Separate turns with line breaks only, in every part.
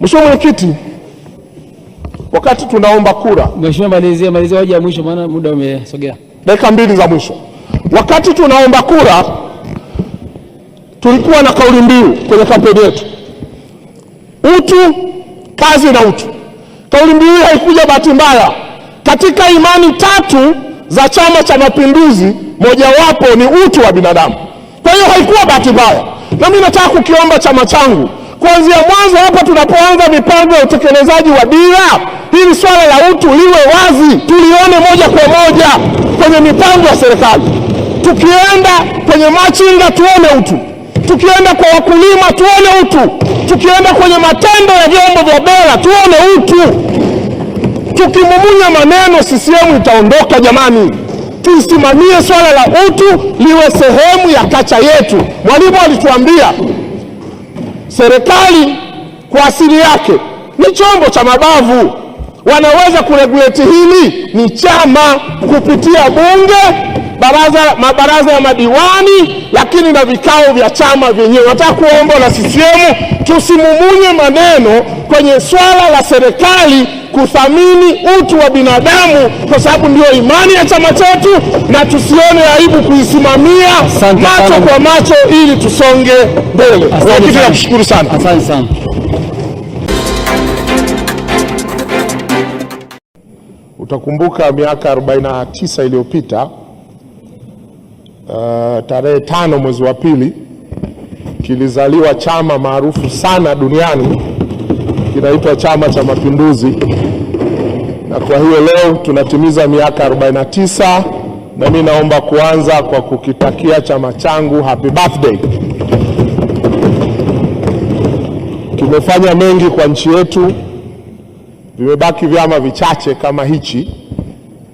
Mheshimiwa Mwenyekiti, wakati tunaomba kura,
Mheshimiwa, malizia malizia hoja ya mwisho, maana muda umesogea.
Dakika mbili za mwisho. Wakati tunaomba kura, tulikuwa na kauli mbiu kwenye kampeni yetu, utu, kazi na utu. Kauli mbiu hii haikuja bahati mbaya. Katika imani tatu za Chama cha Mapinduzi, mojawapo ni utu wa binadamu. Kwa hiyo haikuwa bahati mbaya, na mimi nataka kukiomba chama changu kuanzia mwanzo hapa tunapoanza mipango ya utekelezaji wa dira, hili swala la utu liwe wazi, tulione moja kwa moja kwenye mipango ya serikali. Tukienda kwenye machinga tuone utu, tukienda kwa wakulima tuone utu, tukienda kwenye matendo ya vyombo vya dola tuone utu. Tukimumunya maneno CCM itaondoka. Jamani, tusimamie swala la utu liwe sehemu ya kacha yetu. Mwalimu alituambia Serikali kwa asili yake ni chombo cha mabavu. Wanaweza kuregulate hili ni chama kupitia bunge baraza, mabaraza ya madiwani, lakini na vikao vya chama vyenyewe. Nataka kuomba na CCM tusimumunye maneno kwenye swala la serikali kuthamini utu wa binadamu, kwa sababu ndio imani ya chama chetu, na tusione aibu kuisimamia
macho sana
kwa macho ili tusonge mbele. Lakini nakushukuru sana,
asante sana.
Utakumbuka miaka 49 iliyopita uh, tarehe tano mwezi wa pili kilizaliwa chama maarufu sana duniani kinaitwa Chama cha Mapinduzi, na kwa hiyo leo tunatimiza miaka 49 na mimi naomba kuanza kwa kukitakia chama changu happy birthday. Kimefanya mengi kwa nchi yetu, vimebaki vyama vichache kama hichi.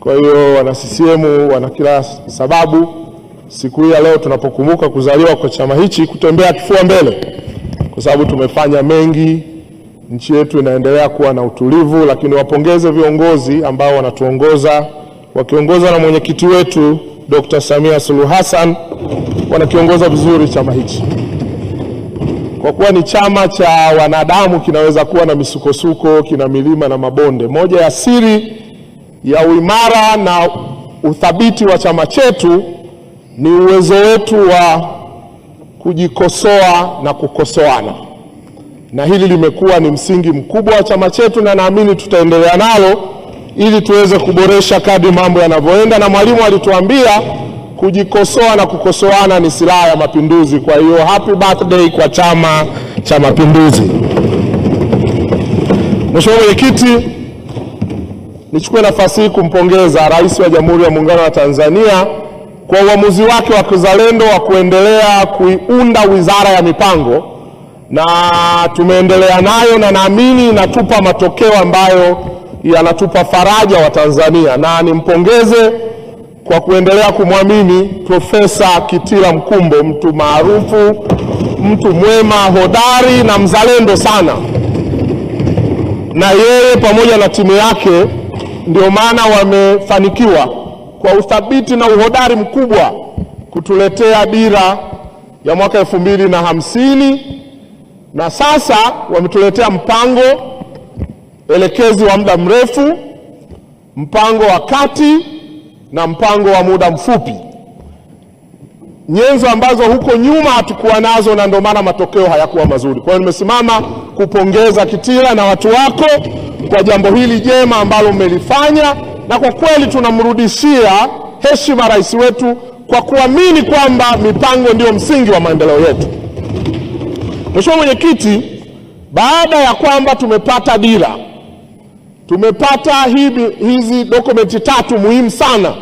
Kwa hiyo wana CCM wana kila sababu siku hii ya leo tunapokumbuka kuzaliwa kwa chama hichi kutembea kifua mbele, kwa sababu tumefanya mengi. Nchi yetu inaendelea kuwa na utulivu, lakini wapongeze viongozi ambao wanatuongoza wakiongozwa na mwenyekiti wetu Dr. Samia Suluhu Hassan, wanakiongoza vizuri chama hichi. Kwa kuwa ni chama cha wanadamu, kinaweza kuwa na misukosuko, kina milima na mabonde. Moja ya siri ya uimara na uthabiti wa chama chetu ni uwezo wetu wa kujikosoa na kukosoana, na hili limekuwa ni msingi mkubwa wa chama chetu, na naamini tutaendelea nalo ili tuweze kuboresha kadri mambo yanavyoenda. Na Mwalimu alituambia kujikosoa na kukosoana ni silaha ya mapinduzi. Kwa hiyo happy birthday kwa Chama cha Mapinduzi.
Mheshimiwa Mwenyekiti, nichukue nafasi hii kumpongeza Rais wa Jamhuri ya Muungano wa Tanzania kwa uamuzi wake wa kizalendo wa kuendelea kuiunda Wizara ya Mipango, na tumeendelea nayo na naamini inatupa matokeo ambayo yanatupa faraja wa Tanzania, na nimpongeze kwa kuendelea kumwamini Profesa Kitila Mkumbo, mtu maarufu, mtu mwema, hodari na mzalendo sana, na yeye pamoja na timu yake ndio maana wamefanikiwa kwa uthabiti na uhodari mkubwa kutuletea dira ya mwaka elfu mbili na hamsini na sasa wametuletea mpango elekezi wa muda mrefu, mpango wa kati na mpango wa muda mfupi, nyenzo ambazo huko nyuma hatukuwa nazo na ndio maana matokeo hayakuwa mazuri. Kwa hiyo nimesimama kupongeza Kitila na watu wako kwa jambo hili jema ambalo mmelifanya na kwa kweli tunamrudishia heshima rais wetu kwa kuamini kwamba mipango ndiyo msingi wa maendeleo yetu. Mheshimiwa Mwenyekiti, baada ya kwamba tumepata dira, tumepata hibi, hizi dokumenti tatu muhimu sana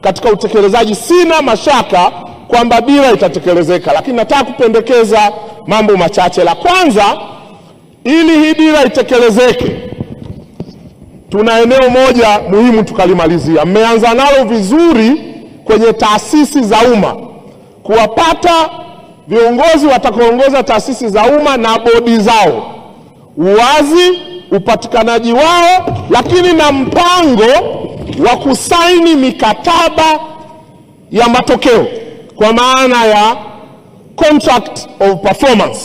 katika utekelezaji, sina mashaka kwamba dira itatekelezeka, lakini nataka kupendekeza mambo machache. La kwanza, ili hii dira itekelezeke tuna eneo moja muhimu tukalimalizia. Mmeanza nalo vizuri kwenye taasisi za umma, kuwapata viongozi watakaoongoza taasisi za umma na bodi zao, uwazi upatikanaji wao, lakini na mpango wa kusaini mikataba ya matokeo kwa maana ya contract of performance,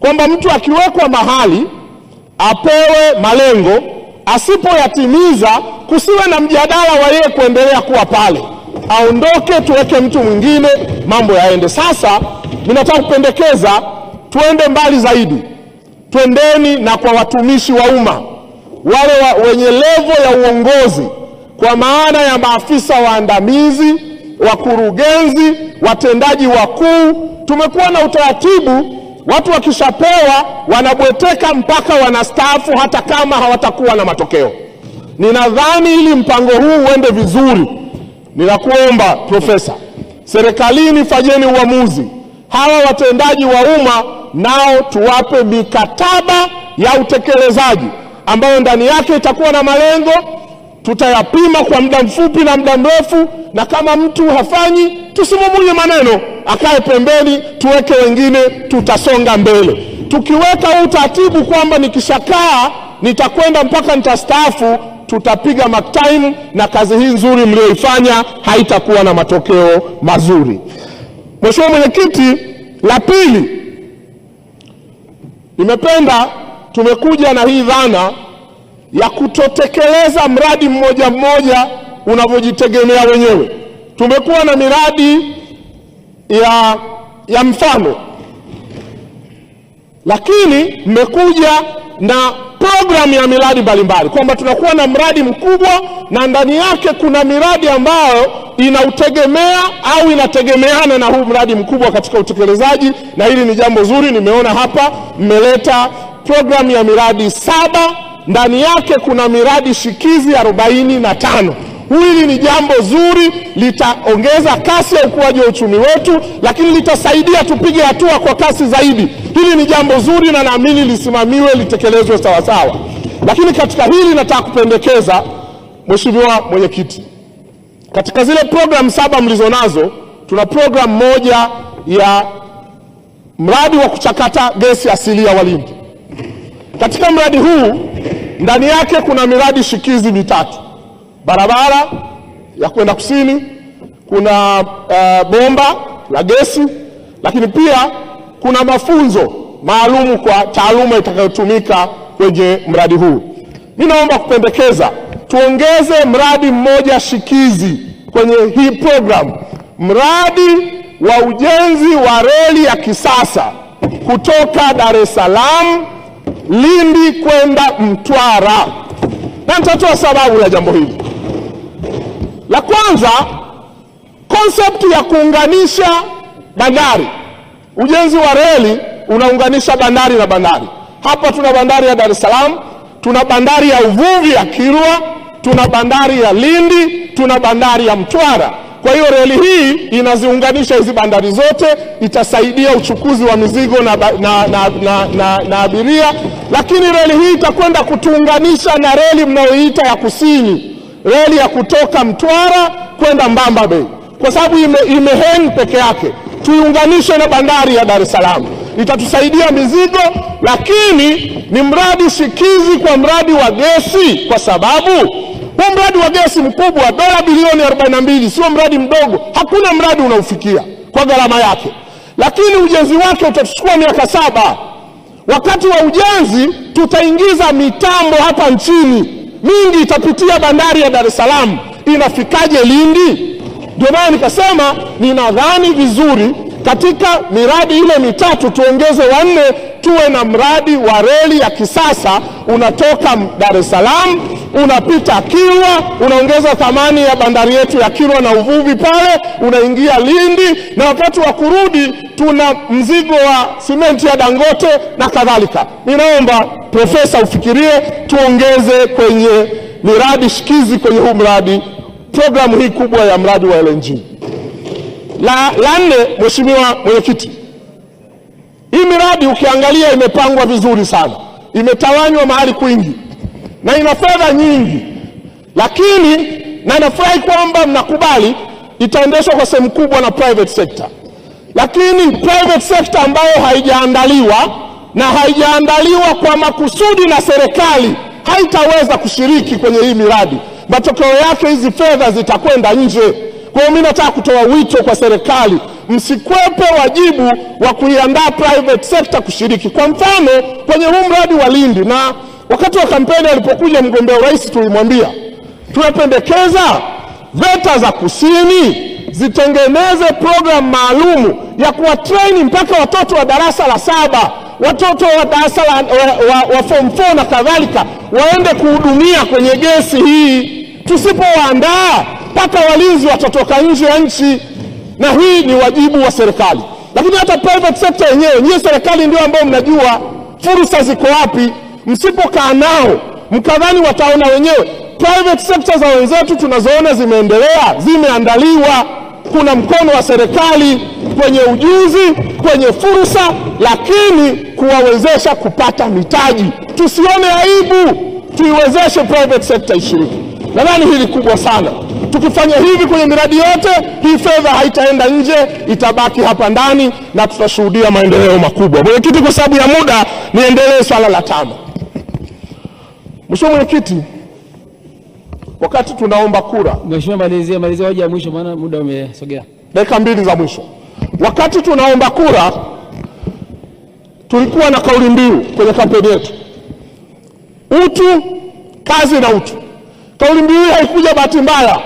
kwamba mtu akiwekwa mahali apewe malengo asipoyatimiza kusiwe na mjadala wa yeye kuendelea kuwa pale, aondoke, tuweke mtu mwingine, mambo yaende. Sasa ninataka kupendekeza tuende mbali zaidi, twendeni na kwa watumishi wa umma wale wa, wenye levo ya uongozi, kwa maana ya maafisa waandamizi, wakurugenzi, watendaji wakuu. Tumekuwa na utaratibu Watu wakishapewa wanabweteka mpaka wanastaafu, hata kama hawatakuwa na matokeo. Ninadhani ili mpango huu uende vizuri, ninakuomba Profesa, serikalini fanyeni uamuzi, hawa watendaji wa umma nao tuwape mikataba ya utekelezaji ambayo ndani yake itakuwa na malengo tutayapima kwa muda mfupi na muda mrefu, na kama mtu hafanyi tusimumulie maneno, akae pembeni, tuweke wengine, tutasonga mbele. Tukiweka huu utaratibu kwamba nikishakaa nitakwenda mpaka nitastaafu, tutapiga maktaimu na kazi hii nzuri mliyoifanya haitakuwa na matokeo mazuri. Mheshimiwa Mwenyekiti, la pili, nimependa tumekuja na hii dhana ya kutotekeleza mradi mmoja mmoja unavyojitegemea wenyewe. Tumekuwa na miradi ya, ya mfano, lakini mmekuja na programu ya miradi mbalimbali kwamba tunakuwa na mradi mkubwa na ndani yake kuna miradi ambayo inautegemea au inategemeana na huu mradi mkubwa katika utekelezaji, na hili ni jambo zuri. Nimeona hapa mmeleta programu ya miradi saba ndani yake kuna miradi shikizi arobaini na tano. Hili ni jambo zuri, litaongeza kasi ya ukuaji wa uchumi wetu, lakini litasaidia tupige hatua kwa kasi zaidi. Hili ni jambo zuri na naamini lisimamiwe, litekelezwe sawasawa. Lakini katika hili nataka kupendekeza, Mheshimiwa Mwenyekiti, katika zile programu saba mlizonazo, tuna programu moja ya mradi wa kuchakata gesi asilia Walindi. Katika mradi huu ndani yake kuna miradi shikizi mitatu: barabara ya kwenda kusini, kuna uh, bomba la gesi, lakini pia kuna mafunzo maalum kwa taaluma itakayotumika kwenye mradi huu. Ninaomba kupendekeza tuongeze mradi mmoja shikizi kwenye hii programu, mradi wa ujenzi wa reli ya kisasa kutoka Dar es Salaam Lindi kwenda Mtwara, na nitatoa sababu ya jambo hili. La kwanza, konsepti ya kuunganisha bandari. Ujenzi wa reli unaunganisha bandari na bandari. Hapa tuna bandari ya Dar es Salaam, tuna bandari ya uvuvi ya Kilwa, tuna bandari ya Lindi, tuna bandari ya Mtwara. Kwa hiyo reli hii inaziunganisha hizi bandari zote, itasaidia uchukuzi wa mizigo na, na, na, na, na, na abiria, lakini reli hii itakwenda kutuunganisha na reli mnayoita ya kusini, reli ya kutoka Mtwara kwenda Mbamba Bay, kwa sababu ime, imeheng peke yake, tuiunganishe na bandari ya Dar es Salaam, itatusaidia mizigo, lakini ni mradi shikizi kwa mradi wa gesi kwa sababu huu mradi wa gesi mkubwa dola bilioni 42 sio mradi mdogo, hakuna mradi unaofikia kwa gharama yake, lakini ujenzi wake utachukua miaka saba. Wakati wa ujenzi tutaingiza mitambo hapa nchini mingi, itapitia bandari ya Dar es Salaam, inafikaje Lindi? Ndio maana nikasema ninadhani vizuri katika miradi ile mitatu tuongeze wanne, tuwe na mradi wa reli ya kisasa unatoka Dar es Salaam unapita Kilwa, unaongeza thamani ya bandari yetu ya Kilwa na uvuvi pale, unaingia Lindi, na wakati wa kurudi tuna mzigo wa simenti ya Dangote na kadhalika. Ninaomba Profesa ufikirie tuongeze kwenye miradi shikizi kwenye huu mradi, programu hii kubwa ya mradi wa LNG. La, la nne, Mheshimiwa Mwenyekiti, hii miradi ukiangalia imepangwa vizuri sana, imetawanywa mahali kwingi na ina fedha nyingi, lakini na nafurahi kwamba mnakubali itaendeshwa kwa sehemu kubwa na private sector, lakini private sector ambayo haijaandaliwa na haijaandaliwa kwa makusudi na serikali haitaweza kushiriki kwenye hii miradi. Matokeo yake hizi fedha zitakwenda nje. Kwa hiyo mimi nataka kutoa wito kwa serikali, msikwepe wajibu wa kuiandaa private sector kushiriki. Kwa mfano kwenye huu mradi wa Lindi, na wakati wa kampeni alipokuja mgombea urais tulimwambia, tunapendekeza VETA za kusini zitengeneze programu maalumu ya kuwatraini mpaka watoto wa darasa la saba watoto wa darasa la wa, wa form 4 na kadhalika waende kuhudumia kwenye gesi hii. Tusipowaandaa mpaka walinzi watatoka nje ya nchi, na hii ni wajibu wa serikali. Lakini hata private sector yenyewe, nyie serikali ndio ambao mnajua fursa ziko wapi. Msipokaa nao mkadhani wataona wenyewe. Private sector za wenzetu tunazoona zimeendelea, zimeandaliwa, kuna mkono wa serikali kwenye ujuzi, kwenye fursa, lakini kuwawezesha kupata mitaji. Tusione aibu, tuiwezeshe private sector ishiriki. Nadhani hili kubwa sana. Tukifanya hivi kwenye miradi yote hii, fedha haitaenda nje, itabaki hapa ndani na tutashuhudia maendeleo makubwa. Mwenyekiti, kwa sababu ya muda, niendelee swala la tano. Mheshimiwa Mwenyekiti, wakati tunaomba kura,
Mheshimiwa, malizia malizia hoja ya mwisho, maana muda umesogea,
dakika mbili za mwisho. Wakati tunaomba kura, tulikuwa na kauli mbiu kwenye kampeni yetu, utu, kazi na utu. Kauli mbiu hii haikuja bahati mbaya.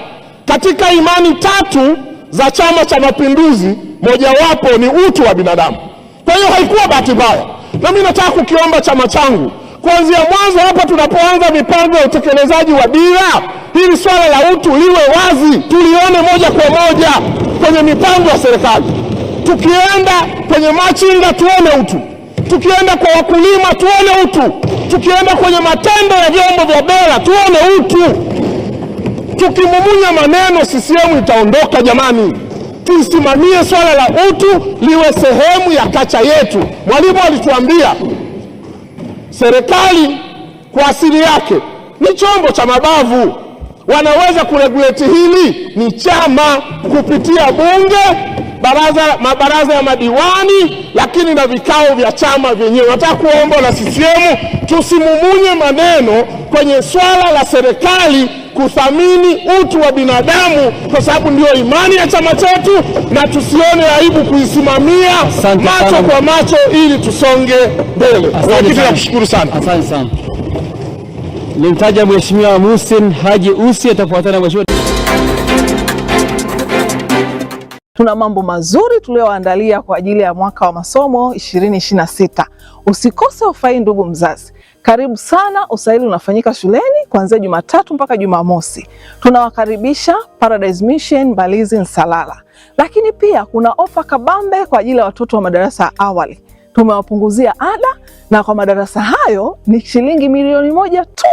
Katika imani tatu za Chama cha Mapinduzi, mojawapo ni utu wa binadamu. Kwa hiyo haikuwa bahati mbaya, na mimi nataka kukiomba chama changu kuanzia mwanzo hapa tunapoanza mipango ya utekelezaji wa dira, hili swala la utu liwe wazi, tulione moja kwa moja kwenye mipango ya serikali. Tukienda kwenye machinga, tuone utu. Tukienda kwa wakulima, tuone utu. Tukienda kwenye matendo ya vyombo vya dola, tuone utu. Tukimumunya maneno CCM itaondoka jamani. Tusimamie swala la utu liwe sehemu ya kacha yetu. Mwalimu alituambia serikali kwa asili yake ni chombo cha mabavu, wanaweza kureguleti hili ni chama kupitia bunge baraza, mabaraza ya madiwani, lakini na vikao vya chama vyenyewe. Nataka kuomba na CCM tusimumunye maneno kwenye swala la serikali kuthamini utu wa binadamu, kwa sababu ndio imani ya chama chetu, na tusione aibu kuisimamia
macho sana
kwa macho ili tusonge mbele. Mwenyekiti, nakushukuru sana,
asante sana. Nimtaja Mheshimiwa Muhsin Haji Usi atafuatana Mheshimiwa
Tuna mambo mazuri tuliyoandalia kwa ajili ya mwaka wa masomo 2026. Usikose ufai, ndugu mzazi. Karibu sana. Usaili unafanyika shuleni kuanzia Jumatatu mpaka Jumamosi. Tunawakaribisha Paradise Mission Mbalizi Nsalala, lakini pia kuna ofa kabambe kwa ajili ya watoto wa madarasa ya awali. Tumewapunguzia ada na kwa madarasa hayo ni shilingi milioni moja tu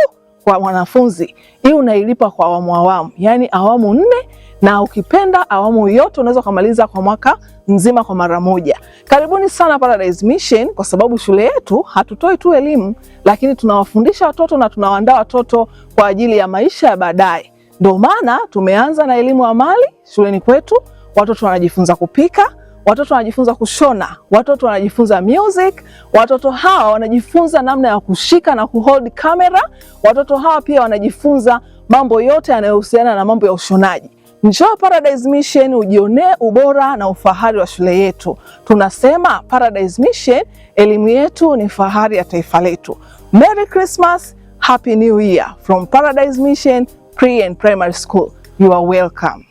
kwa wanafunzi, Hii unailipa kwa awamu awamu, yaani awamu nne, na ukipenda awamu yote unaweza ukamaliza kwa mwaka mzima kwa mara moja. Karibuni sana Paradise Mission, kwa sababu shule yetu hatutoi tu elimu, lakini tunawafundisha watoto na tunawaandaa watoto kwa ajili ya maisha ya baadaye. Ndio maana tumeanza na elimu ya mali shuleni kwetu, watoto wanajifunza kupika watoto wanajifunza kushona, watoto wanajifunza music, watoto hawa wanajifunza namna ya kushika na kuhold kamera. Watoto hawa pia wanajifunza mambo yote yanayohusiana na mambo ya ushonaji. Njoo Paradise Mission ujionee ubora na ufahari wa shule yetu. Tunasema Paradise Mission, elimu yetu ni fahari ya taifa letu. Merry Christmas, Happy New Year from Paradise Mission Pre and Primary School. You are welcome.